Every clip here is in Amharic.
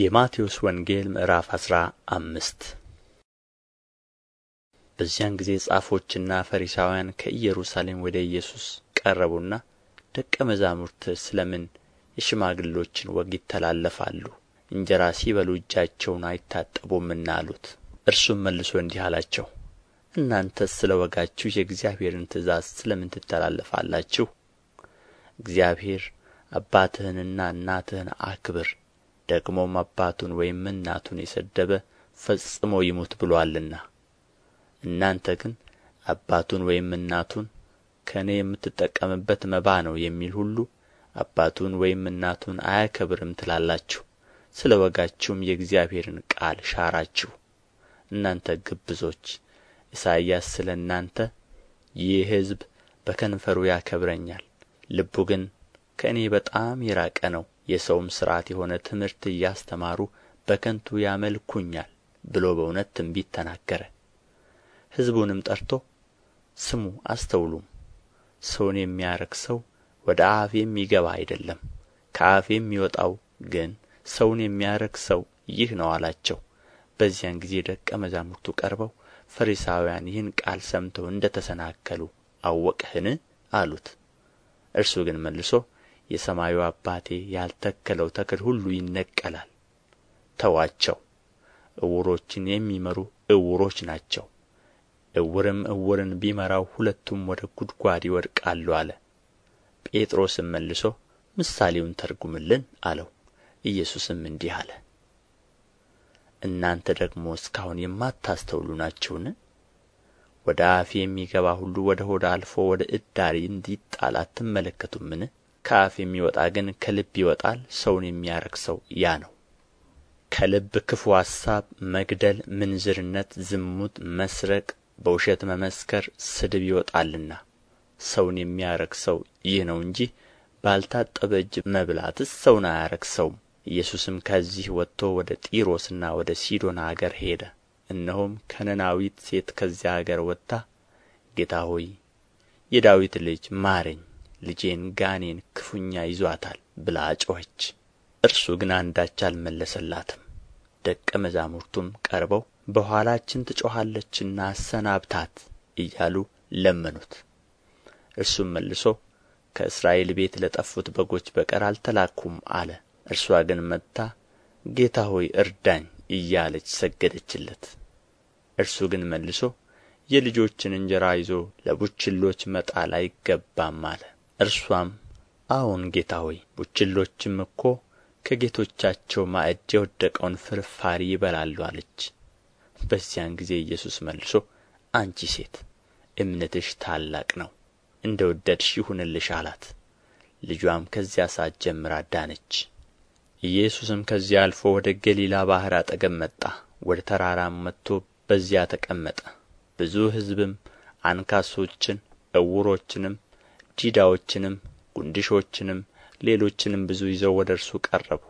የማቴዎስ ወንጌል ምዕራፍ አስራ አምስት በዚያን ጊዜ ጻፎችና ፈሪሳውያን ከኢየሩሳሌም ወደ ኢየሱስ ቀረቡና ደቀ መዛሙርት ስለምን ምን የሽማግሎችን ወግ ይተላለፋሉ እንጀራ ሲበሉ እጃቸውን አይታጠቡምና አሉት እርሱም መልሶ እንዲህ አላቸው እናንተስ ስለ ወጋችሁ የእግዚአብሔርን ትእዛዝ ስለ ምን ትተላለፋላችሁ እግዚአብሔር አባትህንና እናትህን አክብር ደግሞም አባቱን ወይም እናቱን የሰደበ ፈጽሞ ይሙት ብሎአልና እናንተ ግን አባቱን ወይም እናቱን ከእኔ የምትጠቀምበት መባ ነው የሚል ሁሉ አባቱን ወይም እናቱን አያከብርም ትላላችሁ ስለ ወጋችሁም የእግዚአብሔርን ቃል ሻራችሁ እናንተ ግብዞች ኢሳይያስ ስለ እናንተ ይህ ሕዝብ በከንፈሩ ያከብረኛል ልቡ ግን ከእኔ በጣም የራቀ ነው የሰውም ሥርዓት የሆነ ትምህርት እያስተማሩ በከንቱ ያመልኩኛል ብሎ በእውነት ትንቢት ተናገረ ሕዝቡንም ጠርቶ ስሙ አስተውሉም ሰውን የሚያረክሰው ወደ አፍ የሚገባ አይደለም ከአፍ የሚወጣው ግን ሰውን የሚያረክሰው ይህ ነው አላቸው በዚያን ጊዜ ደቀ መዛሙርቱ ቀርበው ፈሪሳውያን ይህን ቃል ሰምተው እንደ ተሰናከሉ አወቅህን አሉት እርሱ ግን መልሶ የሰማዩ አባቴ ያልተከለው ተክል ሁሉ ይነቀላል ተዉአቸው ዕውሮችን የሚመሩ ዕውሮች ናቸው ዕውርም ዕውርን ቢመራው ሁለቱም ወደ ጕድጓድ ይወድቃሉ አለ ጴጥሮስም መልሶ ምሳሌውን ተርጕምልን አለው ኢየሱስም እንዲህ አለ እናንተ ደግሞ እስከ አሁን የማታስተውሉ ናችሁን ወደ አፍ የሚገባ ሁሉ ወደ ሆድ አልፎ ወደ እዳሪ እንዲጣል አትመለከቱምን ከአፍ የሚወጣ ግን ከልብ ይወጣል ሰውን የሚያረክሰው ያ ነው ከልብ ክፉ ሐሳብ፣ መግደል ምንዝርነት ዝሙት መስረቅ በውሸት መመስከር ስድብ ይወጣልና ሰውን የሚያረክሰው ይህ ነው እንጂ ባልታጠበ እጅ መብላትስ ሰውን አያረክሰውም ኢየሱስም ከዚህ ወጥቶ ወደ ጢሮስና ወደ ሲዶና አገር ሄደ እነሆም ከነናዊት ሴት ከዚያ አገር ወጥታ ጌታ ሆይ የዳዊት ልጅ ማረኝ ልጄን ጋኔን ክፉኛ ይዟታል ብላ ጮኸች እርሱ ግን አንዳች አልመለሰላትም ደቀ መዛሙርቱም ቀርበው በኋላችን ትጮኻለችና አሰናብታት እያሉ ለመኑት እርሱም መልሶ ከእስራኤል ቤት ለጠፉት በጎች በቀር አልተላኩም አለ እርሷ ግን መጥታ ጌታ ሆይ እርዳኝ እያለች ሰገደችለት እርሱ ግን መልሶ የልጆችን እንጀራ ይዞ ለቡችሎች መጣል አይገባም አለ እርስዋም አዎን ጌታ ሆይ ቡችሎችም እኮ ከጌቶቻቸው ማዕድ የወደቀውን ፍርፋሪ ይበላሉ አለች በዚያን ጊዜ ኢየሱስ መልሶ አንቺ ሴት እምነትሽ ታላቅ ነው እንደ ወደድሽ ይሁንልሽ አላት ልጇም ከዚያ ሰዓት ጀምራ ዳነች ኢየሱስም ከዚያ አልፎ ወደ ገሊላ ባሕር አጠገብ መጣ ወደ ተራራም መጥቶ በዚያ ተቀመጠ ብዙ ሕዝብም አንካሶችን ዕውሮችንም ዲዳዎችንም ጉንድሾችንም ሌሎችንም ብዙ ይዘው ወደ እርሱ ቀረቡ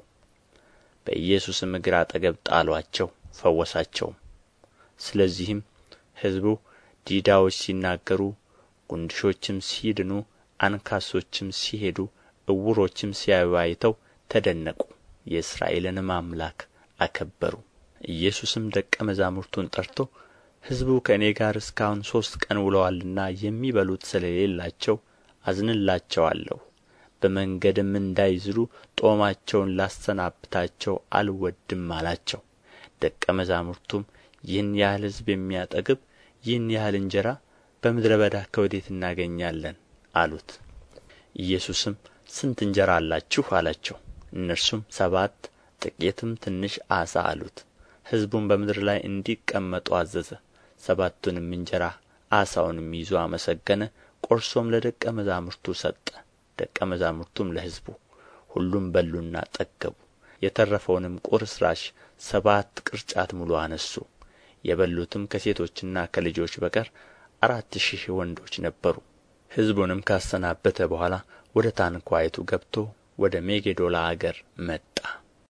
በኢየሱስም እግር አጠገብ ጣሏቸው ፈወሳቸውም ስለዚህም ሕዝቡ ዲዳዎች ሲናገሩ ጉንድሾችም ሲድኑ አንካሶችም ሲሄዱ ዕውሮችም ሲያባይተው ተደነቁ የእስራኤልንም አምላክ አከበሩ ኢየሱስም ደቀ መዛሙርቱን ጠርቶ ሕዝቡ ከእኔ ጋር እስካሁን ሦስት ቀን ውለዋልና የሚበሉት ስለሌላቸው አዝንላቸዋለሁ በመንገድም እንዳይዝሉ ጦማቸውን ላሰናብታቸው አልወድም አላቸው ደቀ መዛሙርቱም ይህን ያህል ሕዝብ የሚያጠግብ ይህን ያህል እንጀራ በምድረ በዳ ከወዴት እናገኛለን አሉት ኢየሱስም ስንት እንጀራ አላችሁ አላቸው እነርሱም ሰባት ጥቂትም ትንሽ አሳ አሉት ሕዝቡም በምድር ላይ እንዲቀመጡ አዘዘ ሰባቱንም እንጀራ ዓሣውንም ይዞ አመሰገነ ቆርሶም ለደቀ መዛሙርቱ ሰጠ ደቀ መዛሙርቱም ለሕዝቡ ሁሉም በሉና ጠገቡ የተረፈውንም ቁርስራሽ ሰባት ቅርጫት ሙሉ አነሡ የበሉትም ከሴቶችና ከልጆች በቀር አራት ሺህ ወንዶች ነበሩ ሕዝቡንም ካሰናበተ በኋላ ወደ ታንኳይቱ ገብቶ ወደ ሜጌዶላ አገር መጣ